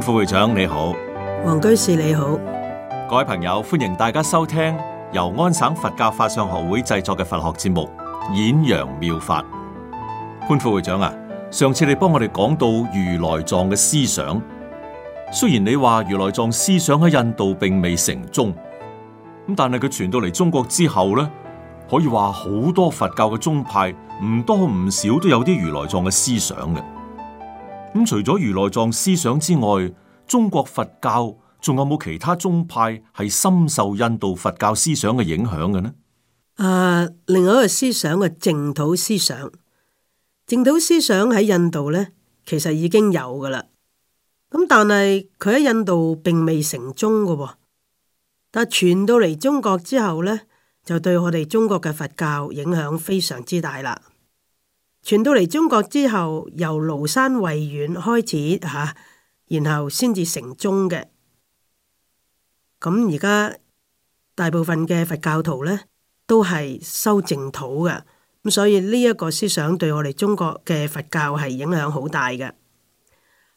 潘副會長你好，王居士你好，各位朋友，歡迎大家收聽由安省佛教法相學會製作嘅佛學節目《演揚妙法》。潘副會長啊，上次你幫我哋講到如來藏嘅思想，雖然你話如來藏思想喺印度並未成宗，咁但係佢傳到嚟中國之後咧，可以話好多佛教嘅宗派唔多唔少都有啲如來藏嘅思想嘅。咁除咗如來藏思想之外，中國佛教仲有冇其他宗派係深受印度佛教思想嘅影響嘅呢？啊，另外一個思想係淨土思想，淨土思想喺印度咧，其實已經有噶啦。咁但係佢喺印度並未成宗噶，但係傳到嚟中國之後咧，就對我哋中國嘅佛教影響非常之大啦。傳到嚟中國之後，由廬山慧遠開始嚇、啊，然後先至成宗嘅。咁而家大部分嘅佛教徒呢，都係修淨土嘅。咁所以呢一個思想對我哋中國嘅佛教係影響好大嘅。嗱、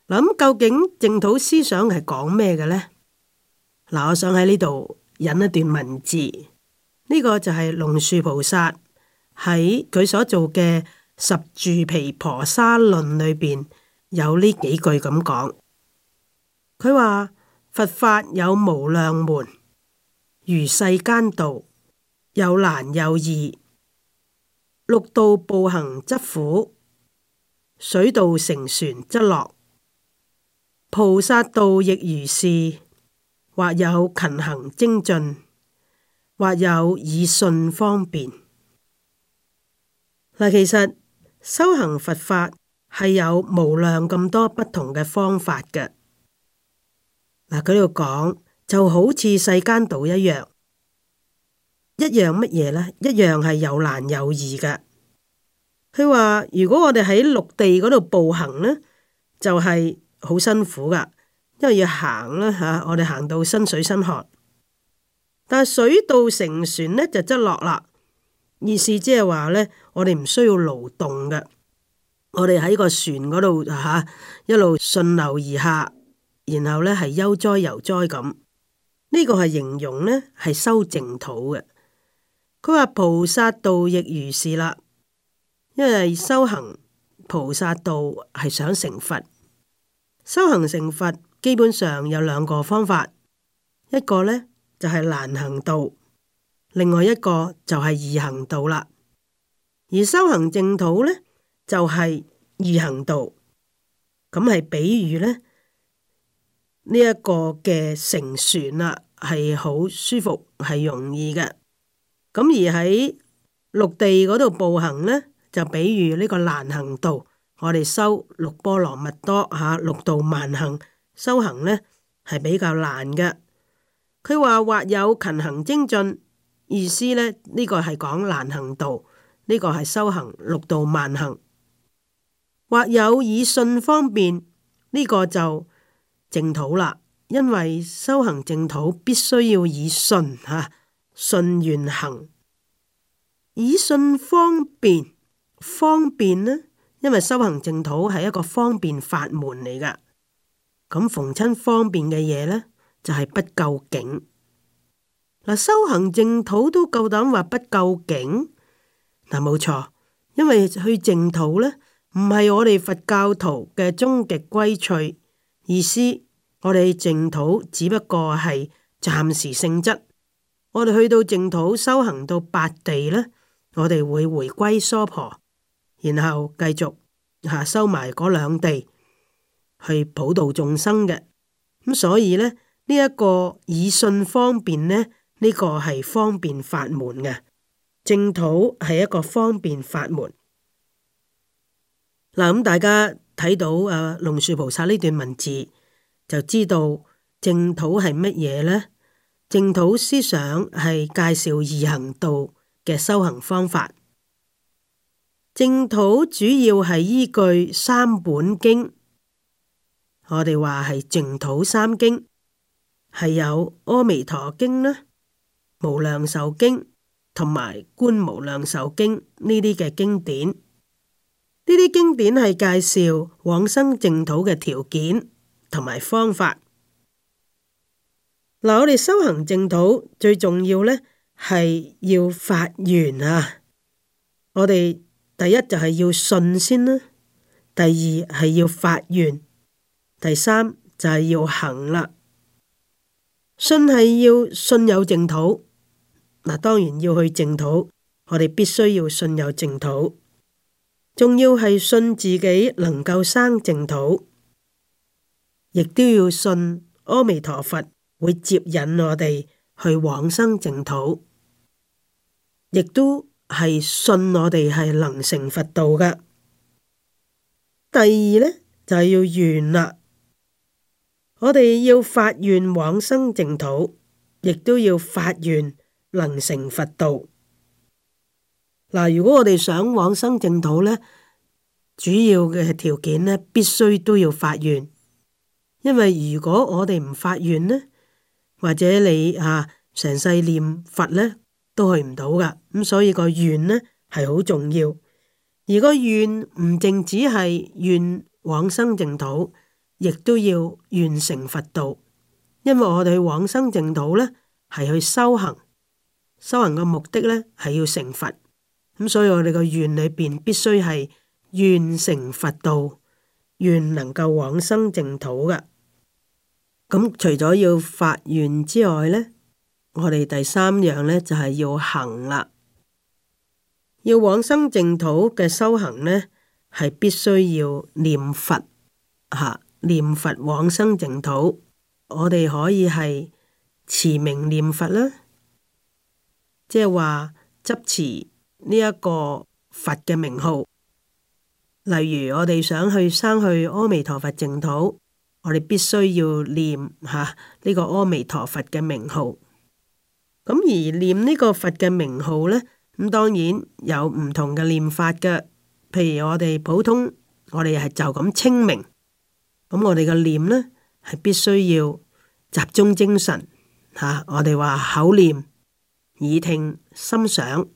嗯，咁究竟淨土思想係講咩嘅呢？嗱、嗯，我想喺呢度引一段文字，呢、個就係龍樹菩薩喺佢所做嘅，十住毗婆沙論裏邊有呢幾句咁講，佢話佛法有無量門，如世間道有難有易，陸道步行則苦，水道乘船則樂，菩薩道亦如是，或有勤行精進，或有以信方便。嗱，其實。修行佛法係有無量咁多不同嘅方法嘅，嗱佢度講就好似世間道一樣，一樣乜嘢呢？一樣係有難有易噶。佢話如果我哋喺陸地嗰度步行呢，就係、是、好辛苦噶，因為要行啦吓，我哋行到身水身汗。但係水到成船呢，就則落啦。意思即係話呢，我哋唔需要勞動嘅，我哋喺個船嗰度嚇，一路順流而下，然後呢係悠哉悠哉咁。呢、這個係形容呢係修淨土嘅。佢話菩薩道亦如是啦，因為修行菩薩道係想成佛，修行成佛基本上有兩個方法，一個呢就係、是、難行道。另外一個就係易行道啦，而修行淨土呢，就係、是、易行道，咁係比喻呢，呢、這、一個嘅乘船啊，係好舒服係容易嘅，咁而喺陸地嗰度步行呢，就比喻呢個難行道，我哋修六波羅蜜多吓、啊、六度萬行修行呢，係比較難嘅，佢話或有勤行精進。意思呢，呢、這個係講難行道，呢、這個係修行六度萬行，或有以信方便，呢、這個就淨土啦。因為修行淨土必須要以信嚇、啊、信願行，以信方便，方便呢？因為修行淨土係一個方便法門嚟㗎，咁逢親方便嘅嘢呢，就係、是、不究竟。嗱，修行淨土都夠膽話不究竟，但冇錯，因為去淨土呢，唔係我哋佛教徒嘅終極歸趣意思，我哋淨土只不過係暫時性質，我哋去到淨土修行到八地呢，我哋會回歸娑婆，然後繼續下修埋嗰兩地去普渡眾生嘅，咁所以呢，呢一個以信方便呢。呢個係方便法門嘅淨土係一個方便法門。嗱，咁大家睇到誒龍樹菩薩呢段文字，就知道淨土係乜嘢咧？淨土思想係介紹易行道嘅修行方法。淨土主要係依據三本經，我哋話係淨土三經，係有《阿彌陀經》呢。無量壽經同埋觀無量壽經呢啲嘅經典，呢啲經典係介紹往生淨土嘅條件同埋方法。嗱，我哋修行淨土最重要呢係要發願啊！我哋第一就係要信先啦，第二係要發願，第三就係要行啦。信係要信有淨土。嗱，當然要去淨土，我哋必須要信有淨土，仲要係信自己能夠生淨土，亦都要信阿彌陀佛會接引我哋去往生淨土，亦都係信我哋係能成佛道噶。第二呢，就係要願啦，我哋要發願往生淨土，亦都要發願。能成佛道嗱，如果我哋想往生淨土呢，主要嘅條件呢，必須都要發願，因為如果我哋唔發願呢，或者你啊成世念佛呢，都去唔到噶咁所以個願呢係好重要。如果願唔淨止係願往生淨土，亦都要願成佛道，因為我哋去往生淨土呢，係去修行。修行嘅目的呢，係要成佛，咁所以我哋個願裏邊必須係願成佛道，願能夠往生淨土嘅。咁除咗要發願之外呢，我哋第三樣呢，就係要行啦。要往生淨土嘅修行呢，係必須要念佛吓，啊，念佛往生淨土。我哋可以係持名念佛啦。即係話執持呢一個佛嘅名號，例如我哋想去生去阿彌陀佛淨土，我哋必須要念吓呢個阿彌陀佛嘅名號。咁而念呢個佛嘅名號呢，咁當然有唔同嘅念法嘅，譬如我哋普通，我哋係就咁清明。咁我哋嘅念呢，係必須要集中精神吓，我哋話口念。耳聽心想，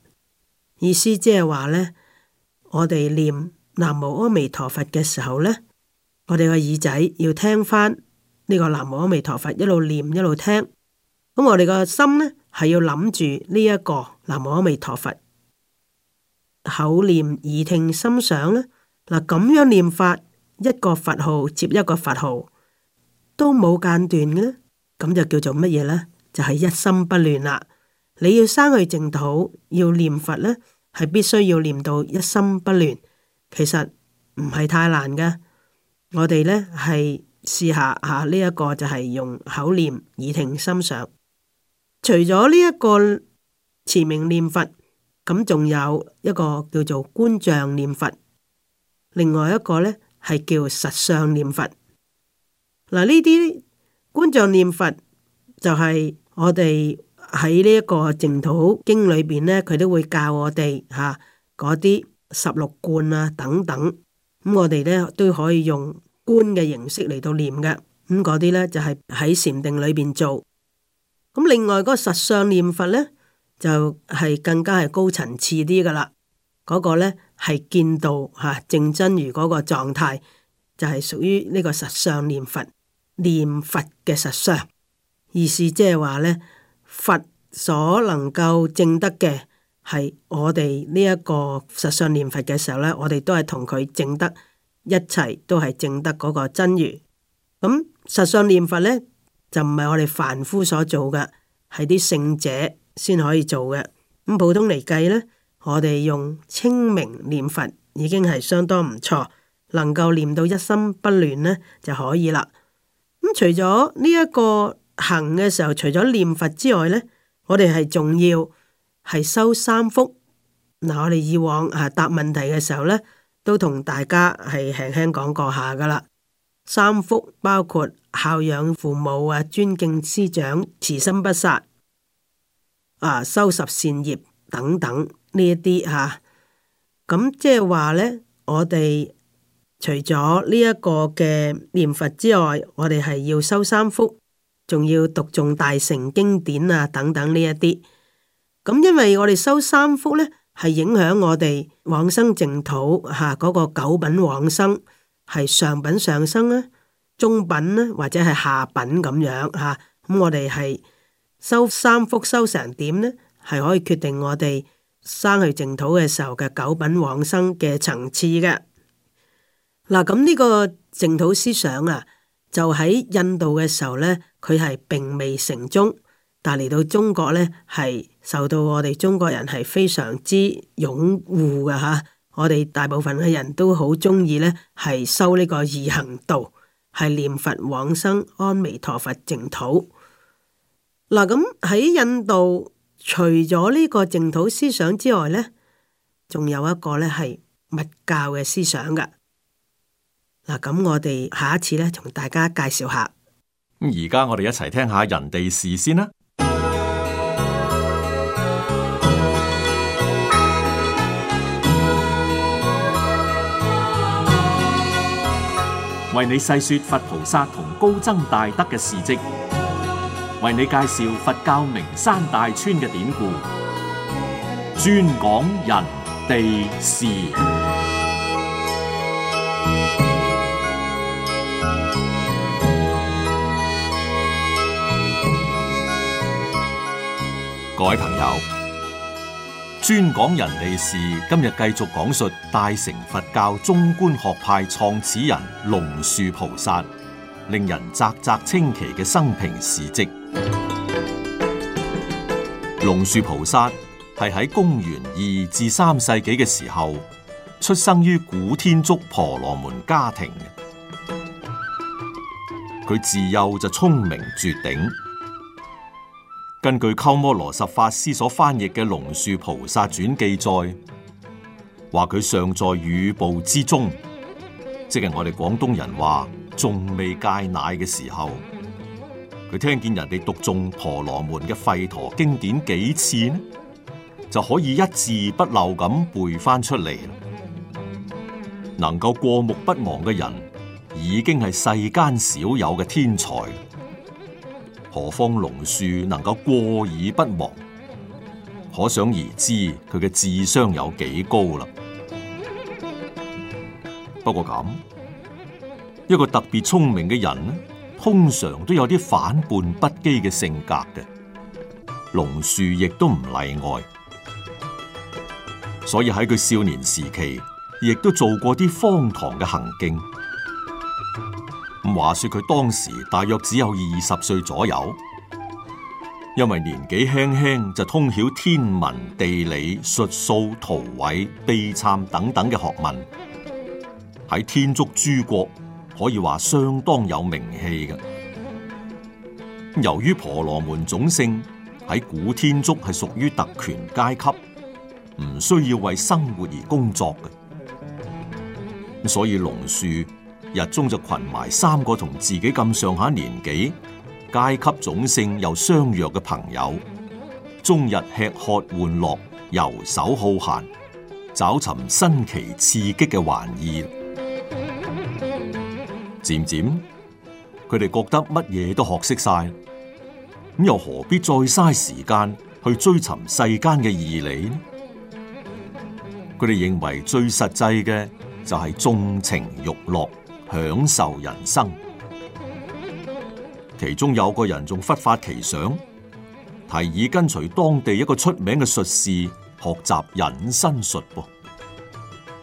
意思即係話呢，我哋念南無阿彌陀佛嘅時候呢，我哋個耳仔要聽翻呢個南無阿彌陀佛，一路念一路聽，咁我哋個心呢，係要諗住呢一個南無阿彌陀佛。口念耳聽心想呢，嗱咁樣念法，一個佛號接一個佛號，都冇間斷嘅，咁就叫做乜嘢呢？就係一心不亂啦。你要生去淨土，要念佛呢，係必須要念到一心不亂。其實唔係太難嘅。我哋呢，係試，試下吓呢一個就係用口念耳聽心想。除咗呢一個持名念佛，咁仲有一個叫做觀像念佛，另外一個呢，係叫實相念佛。嗱呢啲觀像念佛就係我哋。喺呢一個淨土經裏邊咧，佢都會教我哋嚇嗰啲十六觀啊等等，咁我哋咧都可以用觀嘅形式嚟到念嘅。咁嗰啲咧就係、是、喺禪定裏邊做。咁另外嗰個實相念佛咧，就係、是、更加係高層次啲㗎喇。嗰、那個咧係見到嚇、啊、正真如嗰個狀態，就係屬於呢個實相念佛，念佛嘅實相，意思即係話咧。佛所能夠證得嘅，係我哋呢一個實相念佛嘅時候呢，我哋都係同佢證得一齊，都係證得嗰個真如。咁、嗯、實相念佛呢，就唔係我哋凡夫所做嘅，係啲聖者先可以做嘅。咁、嗯、普通嚟計呢，我哋用清明念佛已經係相當唔錯，能夠念到一心不亂呢就可以啦。咁、嗯、除咗呢一個。行嘅時候，除咗念佛之外呢，我哋係仲要係修三福。嗱，我哋以往啊答問題嘅時候呢，都同大家係輕輕講過下噶啦。三福包括孝養父母啊、尊敬師長、慈心不殺啊、修十善業等等呢一啲吓。咁即係話呢，我哋除咗呢一個嘅念佛之外，我哋係要修三福。仲要讀誦大乘經典啊，等等呢一啲，咁因為我哋修三福呢，係影響我哋往生淨土吓，嗰、啊那個九品往生係上品上生啊，中品呢、啊，或者係下品咁樣吓，咁、啊、我哋係修三福修成點呢？係可以決定我哋生去淨土嘅時候嘅九品往生嘅層次嘅。嗱、啊，咁呢個淨土思想啊。就喺印度嘅時候呢，佢係並未成宗，但嚟到中國呢係受到我哋中國人係非常之擁護嘅吓，我哋大部分嘅人都好中意呢，係修呢個易行道，係念佛往生阿彌陀佛淨土。嗱，咁喺印度，除咗呢個淨土思想之外呢，仲有一個呢係密教嘅思想噶。嗱，咁我哋下一次咧，同大家介紹下。咁而家我哋一齊聽下人哋事先啦。為你細說佛菩薩同高僧大德嘅事跡，為你介紹佛教名山大川嘅典故，專講人哋事。各位朋友，專講人利是，今日繼續講述大乘佛教中觀學派創始人龍樹菩薩令人嘖嘖稱奇嘅生平事跡。龍樹菩薩係喺公元二至三世紀嘅時候，出生於古天竺婆羅門家庭。佢自幼就聰明絕頂。根據鳩摩羅什法師所翻譯嘅《龍樹菩薩傳》記載，話佢尚在乳哺之中，即係我哋廣東人話仲未戒奶嘅時候，佢聽見人哋讀誦婆羅門嘅吠陀經典幾次，就可以一字不漏咁背翻出嚟。能夠過目不忘嘅人，已經係世間少有嘅天才。何況龍樹能夠過耳不忘，可想而知佢嘅智商有幾高啦。不過咁，一個特別聰明嘅人呢，通常都有啲反叛不羈嘅性格嘅，龍樹亦都唔例外。所以喺佢少年時期，亦都做過啲荒唐嘅行徑。話說佢當時大約只有二十歲左右，因為年紀輕輕就通曉天文地理、術數、圖緯、秘讖等等嘅學問，喺天竺諸國可以話相當有名氣嘅。由於婆羅門種姓喺古天竺係屬於特權階級，唔需要為生活而工作嘅，所以龍樹。日中就群埋三個同自己咁上下年紀、階級、種姓又相若嘅朋友，終日吃喝玩樂、遊手好閒，找尋新奇刺激嘅玩意。漸漸，佢哋覺得乜嘢都學識晒，咁又何必再嘥時間去追尋世間嘅義理呢？佢哋認為最實際嘅就係縱情欲樂。享受人生，其中有個人仲忽發奇想，提議跟隨當地一個出名嘅術士學習隱身術噃，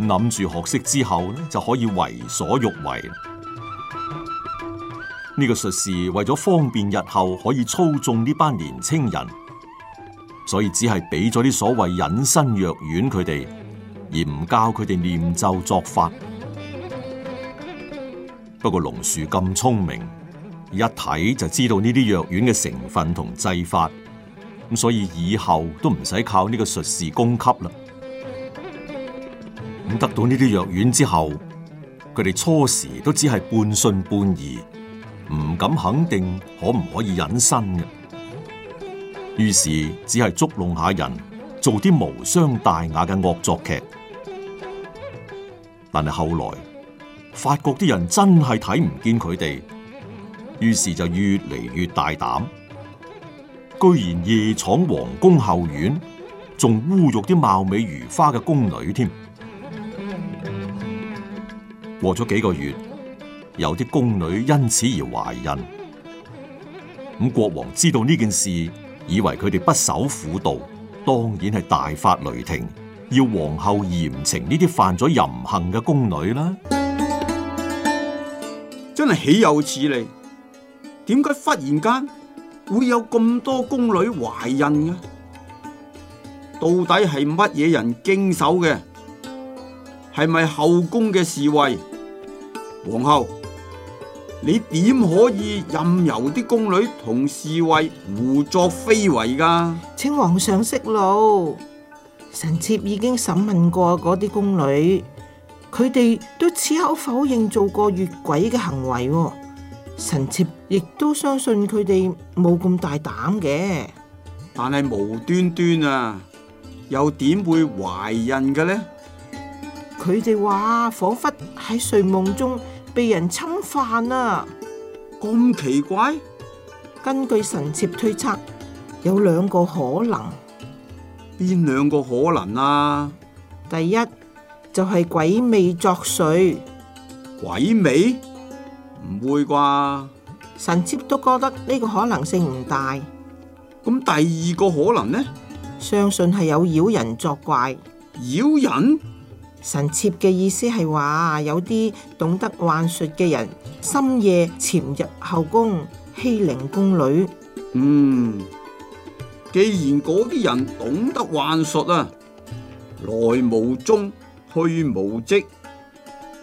諗住學識之後呢，就可以為所欲為。呢、這個術士為咗方便日後可以操縱呢班年青人，所以只係俾咗啲所謂隱身藥丸佢哋，而唔教佢哋念咒作法。不過龍樹咁聰明，一睇，就知道呢啲藥丸嘅成分同製法，咁所以以後都唔使靠呢個術士供給啦。咁得到呢啲藥丸之後，佢哋初時都只係半信半疑，唔敢肯定可唔可以隱身嘅。於是只係捉弄下人，做啲無傷大雅嘅惡作劇。但係後來，發覺啲人真係睇唔見佢哋，於是就越嚟越大膽，居然夜闖皇宮後院，仲污辱啲貌美如花嘅宮女添。過咗幾個月，有啲宮女因此而懷孕。咁國王知道呢件事，以為佢哋不守婦道，當然係大發雷霆，要皇后嚴懲呢啲犯咗淫行嘅宮女啦。真係豈有此理？點解忽然間會有咁多宮女懷孕嘅？到底係乜嘢人經手嘅？係咪後宮嘅侍衛？皇后，你點可以任由啲宮女同侍衛胡作非為噶？請皇上息怒，臣妾已經審問過嗰啲宮女。佢哋都矢口否認做過越軌嘅行為，臣妾亦都相信佢哋冇咁大膽嘅。但係無端端啊，又點會懷孕嘅呢？佢哋話仿佛喺睡夢中被人侵犯啊！咁奇怪？根據臣妾推測，有兩個可能。邊兩個可能啊？第一。就係鬼魅作祟，鬼魅唔會啩？神妾都覺得呢個可能性唔大。咁第二個可能呢？相信係有妖人作怪。妖人？神妾嘅意思係話有啲懂得幻術嘅人，深夜潛入後宮欺凌宮女。嗯，既然嗰啲人懂得幻術啊，來無蹤。去無跡，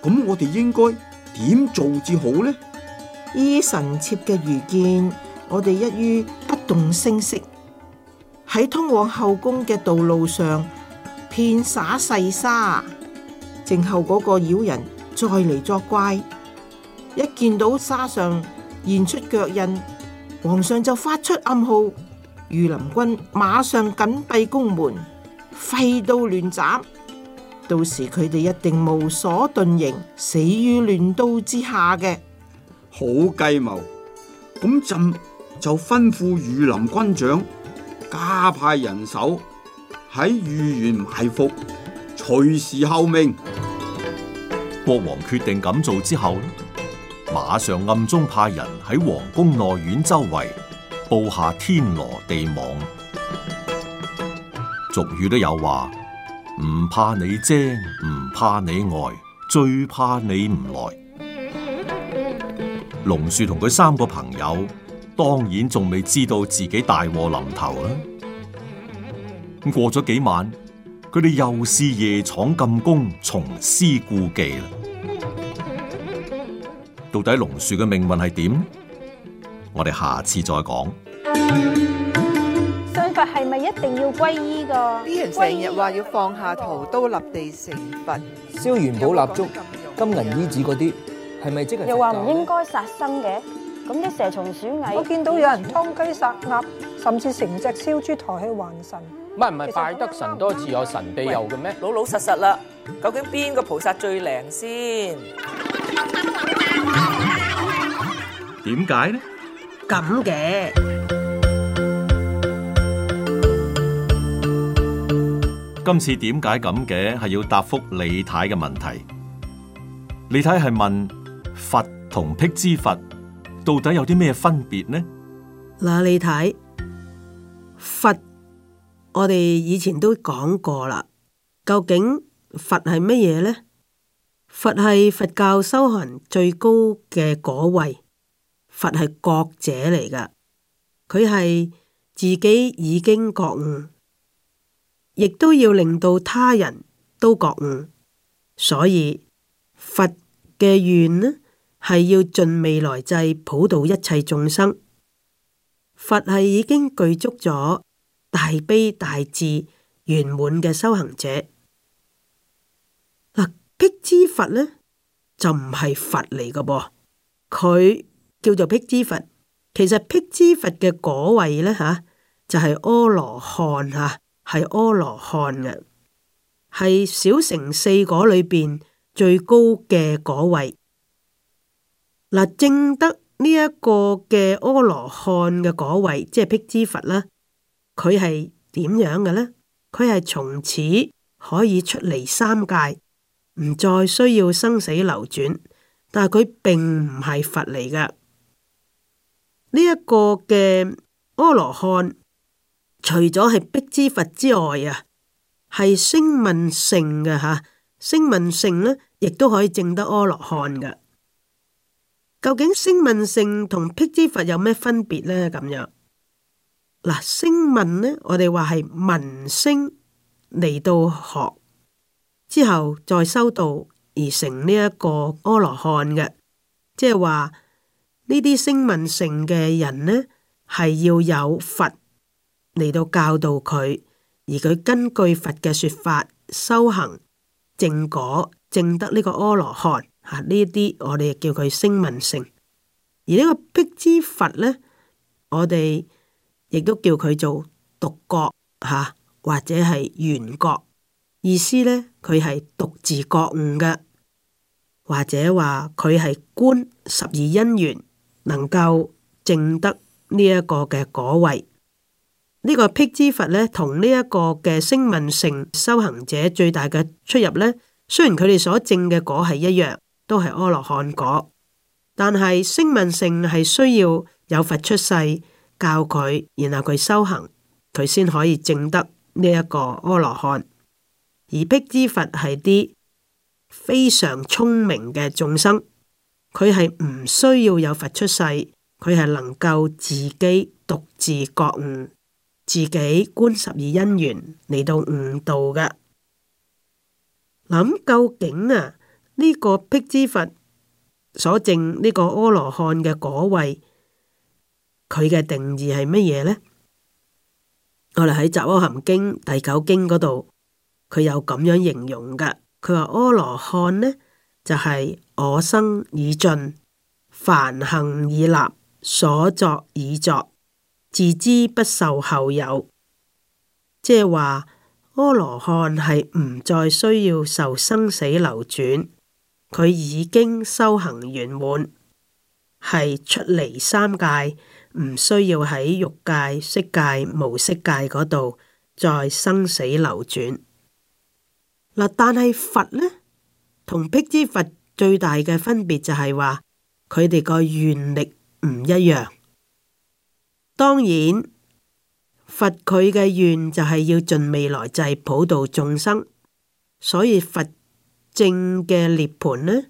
咁我哋應該點做至好呢？依臣妾嘅愚見，我哋一於不動聲色，喺通往後宮嘅道路上，遍灑細沙，靜候嗰個妖人再嚟作怪。一見到沙上現出腳印，皇上就發出暗號，御林軍馬上緊閉宮門，飛刀亂斬。到時佢哋一定無所遁形，死於亂刀之下嘅。好計謀！咁朕就吩咐御林軍長加派人手喺御園埋伏，隨時候命。國王決定咁做之後，馬上暗中派人喺皇宮內院周圍布下天羅地網。俗語都有話。唔怕你精，唔怕你呆，最怕你唔來。龍樹同佢三個朋友當然仲未知道自己大禍臨頭啦。咁過咗幾晚，佢哋又試夜闖禁宮，重施故技啦。到底龍樹嘅命運係點？我哋下次再講。係咪一定要皈依噶？啲人成日話要放下屠刀立地成佛，燒元寶蠟燭、金銀衣子嗰啲，係咪即係？又話唔應該殺生嘅，咁啲蛇蟲鼠蟻，我見到有人劏雞殺鴨，甚至成隻燒豬抬起還神。唔係唔係，拜得神多自有神庇佑嘅咩？老老實實啦，究竟邊個菩薩最靈先？點解呢？咁嘅。今次點解咁嘅？係要答復李太嘅問題。李太係問佛同辟支佛到底有啲咩分別呢？嗱，你睇佛，我哋以前都講過啦。究竟佛係乜嘢呢？佛係佛教修行最高嘅果位，佛係覺者嚟㗎，佢係自己已經覺悟。亦都要令到他人都覺悟，所以佛嘅願呢係要盡未來際普渡一切眾生。佛係已經具足咗大悲大智圓滿嘅修行者。嗱，辟支佛呢就唔係佛嚟嘅噃，佢叫做辟支佛。其實辟支佛嘅果位呢吓就係、是、阿羅漢吓、啊。係阿羅漢嘅，係小乘四果裏邊最高嘅果位。嗱，證得呢一個嘅阿羅漢嘅果位，即係辟支佛啦。佢係點樣嘅呢？佢係從此可以出嚟三界，唔再需要生死流轉。但係佢並唔係佛嚟嘅，呢、這、一個嘅阿羅漢。除咗係辟支佛之外啊，係聲聞性嘅，吓，聲聞聖咧亦都可以證得阿羅漢嘅。究竟聲聞性同辟支佛有咩分別呢？咁樣嗱，聲聞呢，我哋話係聞聲嚟到學之後再修道而成呢一個阿羅漢嘅，即係話呢啲聲聞性嘅人呢，係要有佛。嚟到教導佢，而佢根據佛嘅說法修行正果，正得呢個阿羅漢。吓，呢啲我哋叫佢聲聞性。而呢個辟支佛呢，我哋亦都叫佢做獨覺吓、啊，或者係緣覺。意思呢，佢係獨自覺悟嘅，或者話佢係觀十二因緣，能夠正得呢一個嘅果位。呢個辟支佛呢，同呢一個嘅聲聞乘修行者最大嘅出入呢，雖然佢哋所證嘅果係一樣，都係阿羅漢果，但係聲聞乘係需要有佛出世教佢，然後佢修行，佢先可以證得呢一個阿羅漢。而辟支佛係啲非常聰明嘅眾生，佢係唔需要有佛出世，佢係能夠自己獨自覺悟。自己觀十二因緣嚟到悟道噶，諗究竟啊呢、呢個辟支佛所證呢個阿羅漢嘅果位，佢嘅定義係乜嘢呢？我哋喺《雜阿含經》第九經嗰度，佢有咁樣形容噶。佢話阿羅漢呢，就係、是、我生已盡，梵行已立，所作已作。自知不受後有，即係話阿羅漢係唔再需要受生死流轉，佢已經修行圓滿，係出離三界，唔需要喺欲界、色界、無色界嗰度再生死流轉。嗱，但係佛呢，同辟支佛最大嘅分別就係話，佢哋個願力唔一樣。當然，佛佢嘅願就係要盡未來際普度眾生，所以佛正嘅涅槃呢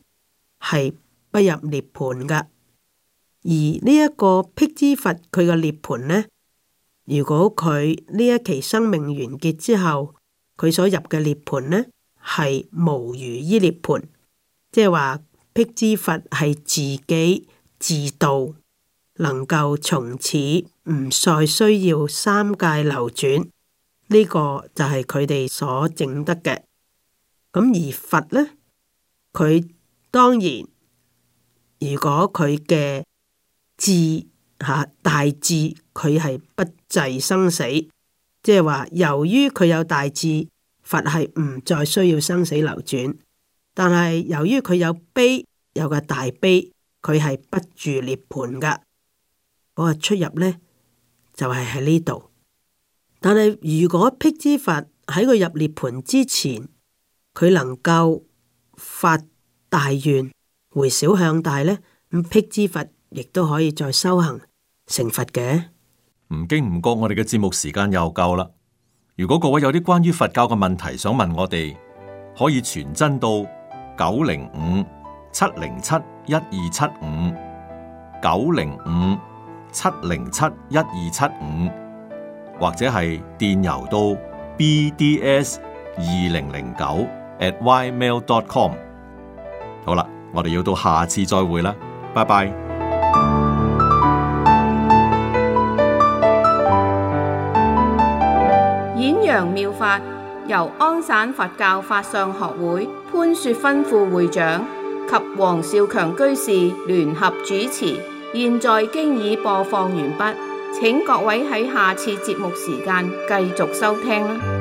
係不入涅槃㗎。而呢一個辟支佛佢嘅涅槃呢，如果佢呢一期生命完結之後，佢所入嘅涅槃呢係無餘依涅槃，即係話辟支佛係自己自度，能夠從此。唔再需要三界流轉，呢、這個就係佢哋所證得嘅。咁而佛呢，佢當然，如果佢嘅智吓、啊、大智，佢係不滯生死，即係話由於佢有大智，佛係唔再需要生死流轉。但係由於佢有悲，有個大悲，佢係不住涅槃噶，嗰個出入呢，就係喺呢度，但係如果辟支佛喺佢入涅盤之前，佢能夠發大願回小向大，呢咁辟支佛亦都可以再修行成佛嘅。唔經唔覺，我哋嘅節目時間又夠啦。如果各位有啲關於佛教嘅問題想問我哋，可以傳真到九零五七零七一二七五九零五七零七一二七五，75, 或者係電郵到 bds 二零零九 at ymail.com。好啦，我哋要到下次再會啦，拜拜。演揚妙法由安省佛教法相學會潘雪芬副會長及黃少強居士聯合主持。現在經已播放完畢，請各位喺下次節目時間繼續收聽。